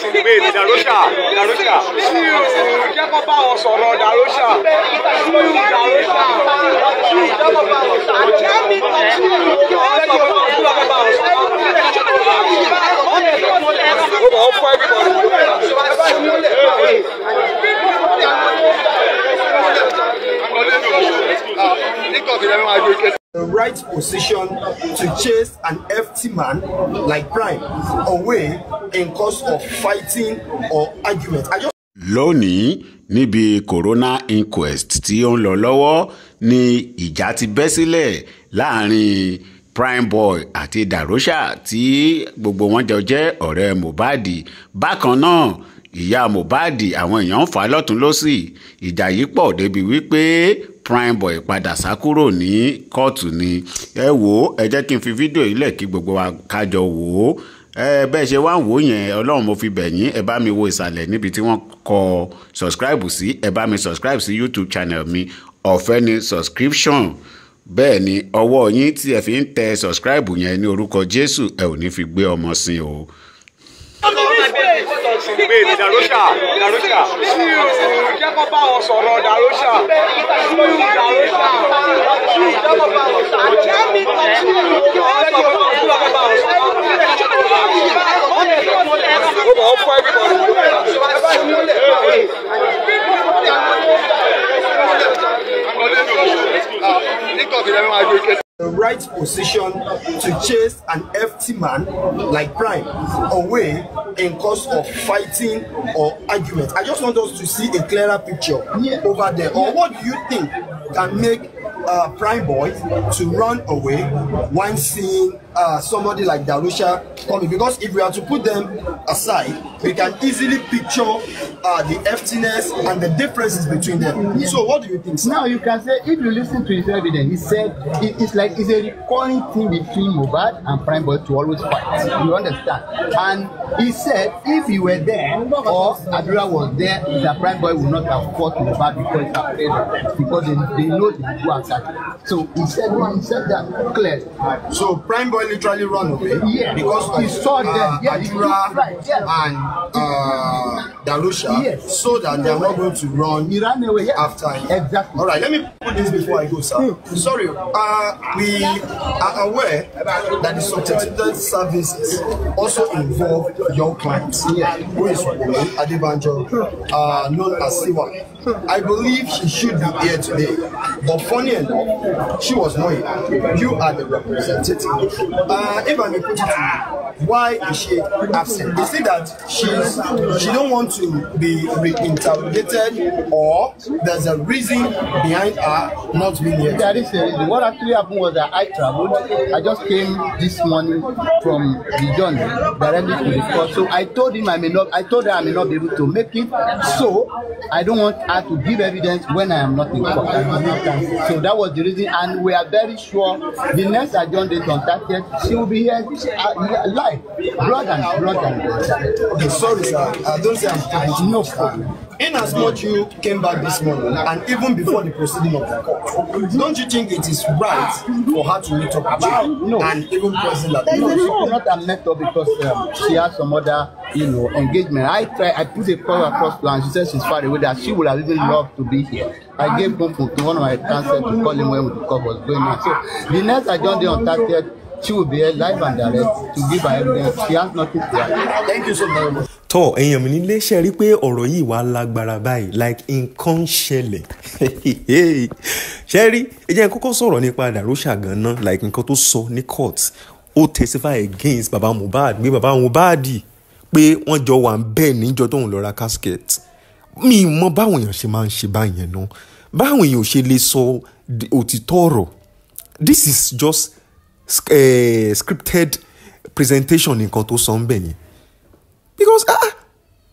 ṣùgbẹ́ ìdàrọ́ṣà ìdàrọ́ṣà. jẹ́ kó bá wọn sọ̀rọ̀ ìdàrọ́ṣà. Nígbà tí ẹ máa jó ike the right position to chase an empty man like Prime away in course of fighting or argument. I just lónìí níbi corona inquest tí ó ń lọ lọ́wọ́ ni ìjà ti bẹ́ sílẹ̀ láàrin boy àti Darosha tí gbogbo wọn jọ jẹ́ ọ̀rẹ́ Mohbad bákan náà ìyá Mohbad àwọn èèyàn ń fà á lọ́tún ìjà yìí pọ̀ débi wípé prime boy padà sá kúrò ní kóòtù ni ẹ wò ó ẹ jẹ́ kí n fi fídíò yìí lẹ̀ kí gbogbo wa kájọ wò ó bẹ́ẹ̀ ṣe wá ń wò yẹn ọlọ́run mo fi bẹ̀ ẹ bá mi wo ìsàlẹ̀ níbi tí wọ́n kọ subscribe sí ẹ bá mi subscribe sí YouTube channel mi ọ̀fẹ́ ni subscription bẹ́ẹ̀ ni ọwọ́ yín tí ẹ fi ń tẹ subscribe yẹn ní orúkọ Jésù ẹ ò ní fi gbé ọmọ sin o gbé ní darosha darosha. jẹ́ kó bá wọn sọ̀rọ̀ darosha darosha the right position to chase an empty man like Prime away in course of fighting or argument. I just want us to see a clearer picture yeah. over there. Or what do you think can make uh, Prime Boy to run away once seeing uh, somebody like Darusha coming because if we are to put them aside, we can easily picture uh, the emptiness and the differences between them. Yeah. So, what do you think? Sir? Now, you can say if you listen to his evidence, he said it, it's like it's a recurring thing between Mubad and Prime Boy to always fight. You understand? And he said if he were there or Adura was there, the Prime Boy would not have fought Mubad because he's afraid of them because they, they know the two attack. So, he said, well, he said that clearly. So, Prime Boy boy literally run away yeah. because we saw them. Uh, yeah, Adura right. yeah. and uh, Darusha yes. so that they are not going to run he ran away, yeah. after him. Exactly. All right, let me put this before I go, sir. Mm. Sorry, uh, we are aware that the substituted services also involve young clients, yeah. who is Wole Adebanjo, hmm. uh, known as Siwa. Hmm. I believe she should be here today, but funny enough, she was not here. You are the representative. 呃，一百米估计。why is she absent? They say that she's she don't want to be reinterrogated, or there's a reason behind her not being here. There is a What actually happened was that I traveled. I just came this morning from Dijon directly to the court. So I told him I may not I told her I may not be able to make it. So I don't want her to give evidence when I am not in court. So that was the reason and we are very sure the next adjourned date on 30th, she will be here. Uh, Hi, brother, brother. Okay, sorry, sir. I uh, don't say I'm tired. No problem. In you came back this morning and even before the proceeding of the court, don't you think it is right for her to meet up with you no. and even present that? No, she cannot have met up because um, she has some other, you know, engagement. I try, I put a call across to her and she says she's far away that she would have even loved to be here. I gave comfort to one of my counsel to call him when the court was going on. So the next I joined on 30th she will be here live and direct to give her evidence she has nothing to hide thank you so very much. tọ èèyàn mi nílé ṣe rí pé ọ̀rọ̀ yìí wàá lágbára báyìí like nǹkan ń ṣẹlẹ̀ ṣe rí ẹ jẹ́ kókó sọ̀rọ̀ nípa Darosha gan like nǹkan tó sọ ní court ó testify against baba Mohbad gbé baba Mohbad pé wọ́n jọ wà ń bẹ́ẹ̀ níjọ tóun lọ ra casket mi mọ báwọn èèyàn ṣe máa ń ṣe báyẹn náà báwọn èèyàn ṣe lè sọ òtítọ́ ọ̀rọ̀ this is just uh, scripted presentation nìkan tó sọ ń bẹ̀ yẹn because ah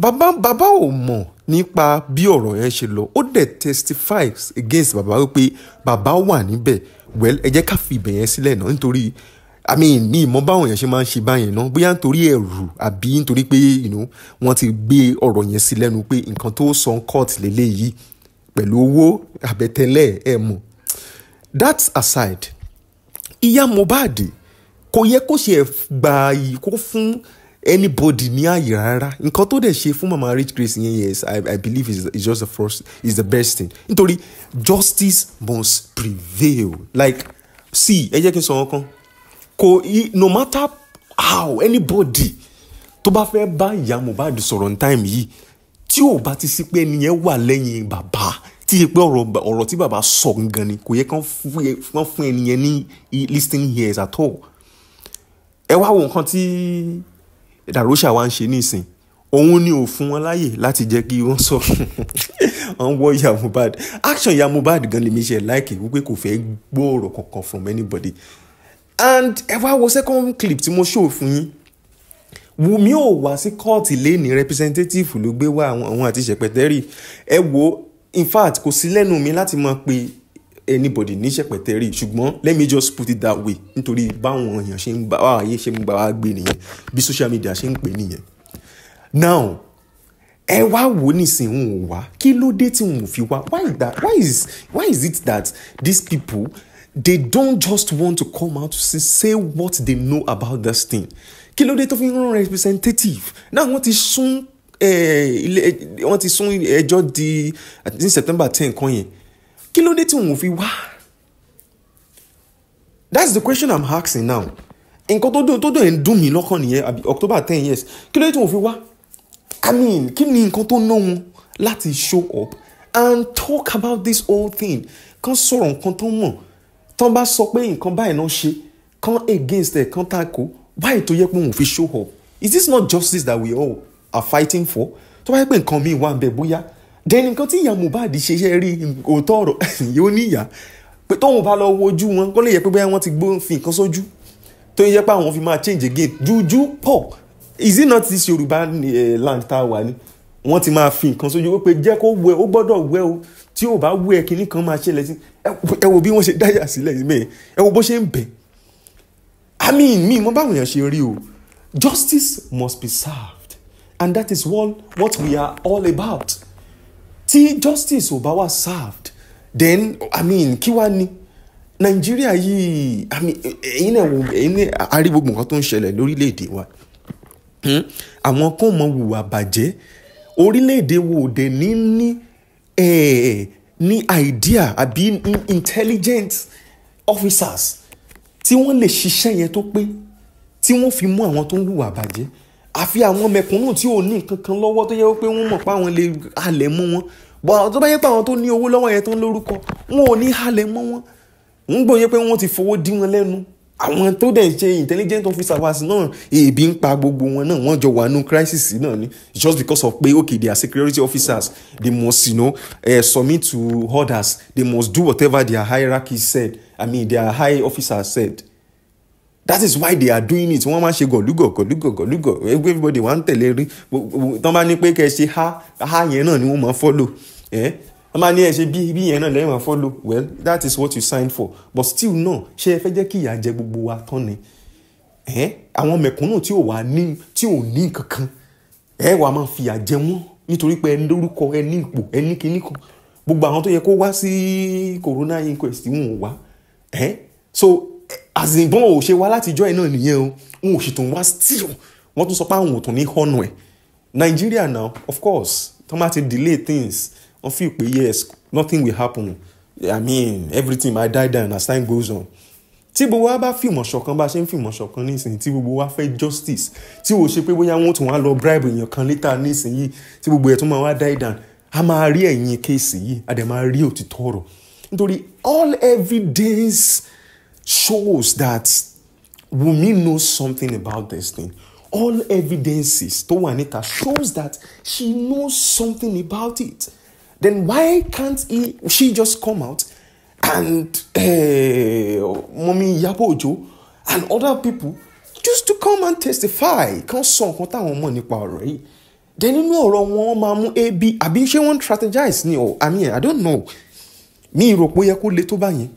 Baba Baba ò mọ̀ nípa bí ọ̀rọ̀ yẹn ṣe lọ ó dẹ̀ testifies against bàbá wípé bàbá wà níbẹ̀ well ẹ jẹ́ ká fi ibẹ̀ yẹn sílẹ̀ náà nítorí i mean ní ìmọ̀ báwọn èèyàn ṣe máa ń ṣe báyẹn náà bóyá nítorí ẹ̀rù àbí nítorí pé you know wọ́n ti gbé ọ̀rọ̀ yẹn sí lẹ́nu pé nǹkan tó sọ ń court lélẹ́yìí pẹ̀lú owó àbẹ̀tẹ́lẹ̀ ẹ̀ mọ̀ that aside ìyá Mohbad kò yẹ kó ṣe gbà kó fún anybody ní àyè rárá nǹkan tó dẹ̀ ṣe fún mama rich grace yẹn yes i i believe is is just the first is the best thing nítorí justice must prevail like see ẹ jẹ́ kí n sọ wọn kan kò no matter how anybody tó bá fẹ́ bá ìyá Mohbad sọ̀rọ̀ ní time yìí tí ò bá ti sí pé ẹni yẹn wà lẹ́yìn bàbá tí ṣe pé ọ̀rọ̀ tí bàbá sọ gangan ni kò yẹ kán fún ẹnìyẹn ní listening ears at all ẹ wá wo nǹkan tí Darosha wa ń ṣe nísìn òun ni ò fún wọn láyè láti jẹ́ kí wọ́n sọ wọ́n wọ́ ìyá Mohbad action ìyá Mohbad gan lèmi ṣe láìkè wípé kò fẹ́ gbọ́ ọ̀rọ̀ kankan from anybody and ẹ wá wo second clip tí mo show fún yín Wùmí ò wá sí kóòtù lẹ́ni representative ló gbé wá àwọn àti ṣèpẹtẹ́rì ẹ wo in fact kò sí lẹ́nu mi láti máa pe anybody ní ṣẹ̀pẹ̀tẹ̀ rí ṣùgbọ́n let me just put it that way nítorí báwọn èèyàn ṣe ń gbà wá ayé ṣe ń gbà wá gbé nìyẹn bí social media ṣe ń pè nìyẹn now ẹ wá wò nísìnyí ń wá kí ló dé tí n ò fi wá why is that why is why is it that these people they don't just want to come out to say, say what they know about this thing kí ló dé tó fi ń rán representative náà wọ́n ti sún Eh, eh, wọ́n ti sún ẹjọ́ di ní September ten kan yẹn kí ló dé tí wọn ò fi wá that's the question i'm asking now nǹkan tó dùn tó dùn ẹ̀ ń dùn mí lọ́kàn nìyẹn October ten yes. kí ló dé tí wọn ò fi wá i mean kí ni nǹkan tó ná wọn láti show up and talk about this whole thing kan sọ̀rọ̀ nǹkan tó mọ̀ tán bá sọ pé nǹkan báyìí náà ṣe kan against ẹ̀ kan tako why tó yẹ pé wọn ò fi show up is this not justice that we owe are fighting for tó bá yẹ pé nǹkan míì wà ń bẹ bóyá dẹni nǹkan tí ìyá Mohbad ṣe ṣe rí òótọ́ ọ̀rọ̀ yóò ní ìyá pé tóun bá lọ wojú wọn kó lè yẹ pé bóyá wọ́n ti gbó fi nǹkan sójú tó yẹ pé àwọn fi máa change again juju pọ̀ is it not this Yorùbá eh, land tá a wà ni wọ́n ti máa fi nǹkan sójú pé jẹ́ kó wẹ ó gbọ́dọ̀ wẹ o tí ò bá wẹ kinní kan máa ṣẹlẹ̀ sí ẹ wo bí wọ́n ṣe dáyà sílẹ̀ mẹ́ẹ̀ ẹ wo bó ṣe ń bẹ̀ I mean mi mo báwọn èèyàn ṣe rí o justice must be served and that is what, what we are all about tí justice Obawa served then i mean kí wàá ní nàìjíríà yìí i mean ẹ̀yin náà ẹ̀yin náà a rí gbogbo nǹkan tó ń ṣẹlẹ̀ lórílẹ̀‐èdè wa hmm? àwọn kò mọ hùwà bàjẹ́ orílẹ̀‐èdè wo dẹ̀ ní ní ní idea àbí intelligent officers tí wọ́n lè ṣiṣẹ́ yẹn tó pé tí wọ́n fi mú àwọn tó ń hùwà bàjẹ́ àfi àwọn mẹ̀kúnnù tí ò ní nǹkan kan lọ́wọ́ tó yẹ pé wọ́n mọ̀ pé àwọn lè halẹ̀ mọ́ wọn bọ́ tó bá yẹ pé àwọn tó ní owó lọ́wọ́ yẹn tó ń lórúkọ wọn ò ní halẹ̀ mọ́ wọn ń gbòye pé wọ́n ti fowó dí wọn lẹ́nu àwọn tó dẹ̀ ṣe intelligent officer wa sí náà ebi ń pa gbogbo wọn náà wọ́n jọ wà nù crisis náà ni just because of pé okay their security officers they must you know, uh, submit to orders they must do whatever their hierarchy said i mean their high officers said that is why they are doing it wọ́n máa ṣe gọ̀lúgọ̀ gọ̀lúgọ̀ gọ̀lúgọ̀ everybody wà ń tẹ̀lé rí tán bá ní pé kẹ́ ẹ ṣe ha ha yẹn náà ni wọ́n máa follow ẹ́ wọ́n máa ní ẹ ṣe bí bí yẹn náà lẹ́yìn máa follow well that is what you signed for but still náà ṣé ẹ fẹ́ jẹ́ kí ìyà jẹ gbogbo wa tán ni ẹ́ àwọn mẹ̀kúnnù tí ò wá ní tí ò ní kankan ẹ wàá máa fìyà jẹ wọ́n nítorí pé ẹni lórúkọ ẹni ipò ẹni kinní kan gbogbo àwọn tó yẹ kó wá sí corona inquest wọn ò wá ẹ́ so àzìnbọn ò ṣe wá látijọ́ ẹ̀ náà nìyẹn o wọn ò sì tún wá still wọ́n tún sọ pé àwọn ò tún ní hónú ẹ̀ Nigeria now of course tó má ti delay things wọ́n fi pé yes nothing will happen I mean everything might die down as time goes on tí gbogbo wa bá fìmọ̀ ṣọ̀kan bá ṣe ń fìmọ̀ ṣọ̀kan nísìnyí tí gbogbo wa fẹ́ justice tí o ṣe pé bóyá wọ́n tún wá lọ bribe èèyàn kan later nísìnyí tí gbogbo ẹ̀ tún máa wá die down a máa rí ẹ̀yìn kéèsì yìí a dẹ̀ máa rí òtítọ́ ọ̀rọ̀ nítorí all evidence shows that Wunmi knows something about this thing. All evidences tó wà shows that she knows something about it. Then why can't he, she just come out and uh, Mummy Ojo and other people just to come and testify kan sọ nǹkan táwọn mọ̀ nípa ọ̀rọ̀ yìí then nínú ọ̀rọ̀ wọn máa mú ab àbí ṣé wọ́n strategize ni o i mean i don't know mi rò pé ó yẹ kó le tó báyìí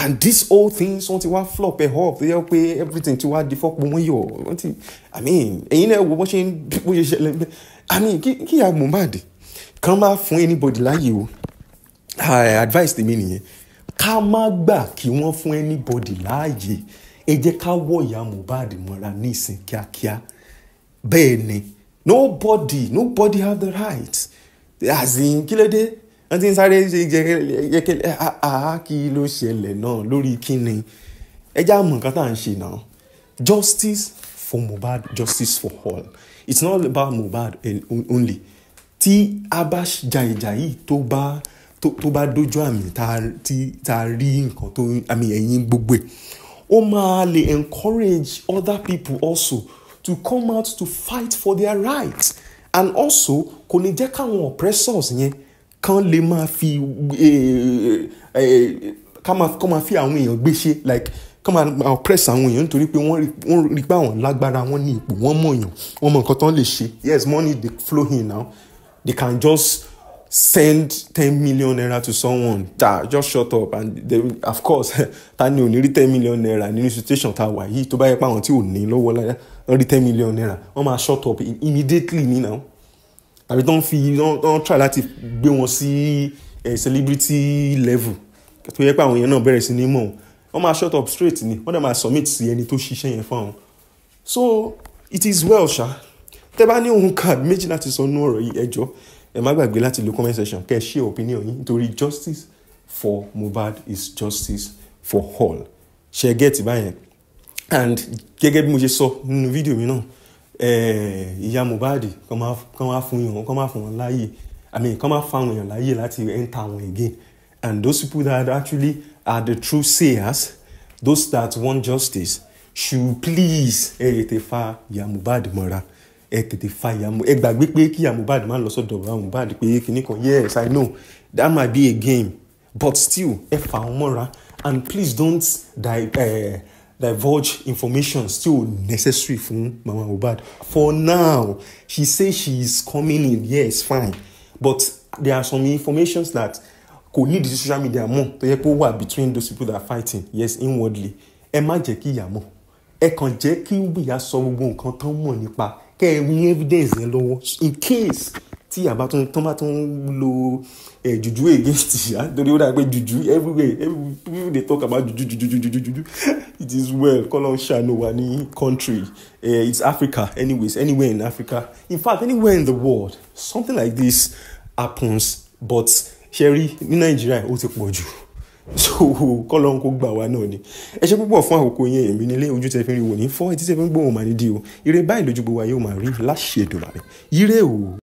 and this whole thing, wọ́n ti wá flop ẹ̀ họ́ tó yẹ pé everything ti wá di fọ́pọ̀ wọ́n yọ̀ wọ́n ti i mean ẹ̀yin náà wo bó ṣe ń bó ṣe ṣẹlẹ̀ ńbẹ́ i mean kí kí ya Mohbad kàn máa fún anybody láàyè o ah, advice tèmi nìyẹn ká má gbà kí wọ́n fún anybody láàyè ẹ jẹ́ ká wọ ìyá Mohbad mọ́ra ní ìsìn kíákíá bẹ́ẹ̀ ni nobody nobody have the right as in kí ló dé wọ́n ti ń sáré ṣe yẹkẹlẹ àá kí ló ṣẹlẹ̀ náà lórí kíni ẹ já mọ̀ nǹkan tá à ń ṣe náà justice for Mohbad justice for all it's not about Mohbad only tí a bá ja ìjà yìí tó bá tó bá dójú àmì tá a rí nǹkan tó àmì ẹ̀yìn gbogbo ẹ̀ ó máa lè encourage other people also to come out to fight for their rights and also kò ní jẹ́ káwọn oppressors yẹn. Yeah kán lè máa fi eh, eh, eh, kán máa fi àwọn èèyàn gbéṣe like kán máa press àwọn èèyàn nítorí pé wọ́n rí pé àwọn lágbára wọn ní ipò wọ́n mọ̀ èèyàn wọ́n mọ nǹkan tán lè ṣe yes money dey flow in now they can just send ten million naira to someone ta just shut up and then of course ta ni ò ní rí ten million naira nínú situation ta wà yìí to bá yẹ pé àwọn tí ò ní lọ́wọ́ láyà wọ́n rí ten million naira wọ́n máa shut up immediately ní now tàbí tó ń fi tó ń try láti gbé wọn sí eh, celebrity level tó yẹ pé àwọn yẹn náà bẹ̀rẹ̀ sí ní mọ̀ wọ́n máa shut up straight ni wọ́n dẹ̀ máa submit sí ẹni tó ṣiṣẹ́ yẹn fún àwọn. so it is well ṣá tẹ́ bá ní ohun kan méjì láti sọ nú ọ̀rọ̀ yìí ẹjọ́ ẹ má gbàgbé láti lo comment section kẹ́ ẹ ṣe opinion yín nítorí justice for Mohbad is justice for all ṣe gẹ́ẹ̀tì báyẹn and gẹ́gẹ́ bí mo ṣe sọ nínú fídíò mi náà Eh, ìyá Mohbad kán wá fún yàn kán má fún wọn láàyè i mean kán má fún àwọn èèyàn láàyè láti enter wọn again and those people that actually are the true sayers those that want justice should please ẹ tètè fa ìyá Mohbad mọ́ra ẹ tètè fa ìyá Mohbad ẹ gbàgbé pé kí ìyá Mohbad má lọ sọ́dọ̀ ìyá Mohbad pé kinní kan yes i know that might be a game but still ẹ fà wọn mọ́ra and please don't die. Uh, divulge information still necessary fún Mama Mohbad for now she say she is coming in yes fine but there are some informations that kò need the social media mọ́ tó yẹ pé ó wà between those people that are fighting yes inwardly ẹ má jẹ́ kí ìyá mọ̀ ẹ kàn jẹ́ kí ìyá sọ gbogbo nǹkan tán mọ̀ nípa kẹ́ ẹ ní evidence yẹn lọ́wọ́ in case tí àbá tún tán bá tún lo ẹ eh, jùjú against ìyá torí ó dà pé jùjú everywhere every people dey talk about jùjú jùjú jùjú jùjú it is well kọ́lọ́n ṣàánú wa ní country uh, it's Africa anyways anywhere in Africa in fact anywhere in the world something like this happens but ṣe rí ní Nàìjíríà ó ti pọ̀ jù so kọ́lọ́n kó gbà wá náà ni ẹ ṣe púpọ̀ fún àkókò yẹn èmi nílé ojú tẹ fi ń rí wò ní fọ́ etí tẹ fi ń gbóhùn màá nídìí o ire báyìí lójú gbogbo wa yóò máa rí láṣẹ Èdùmàrè ire o.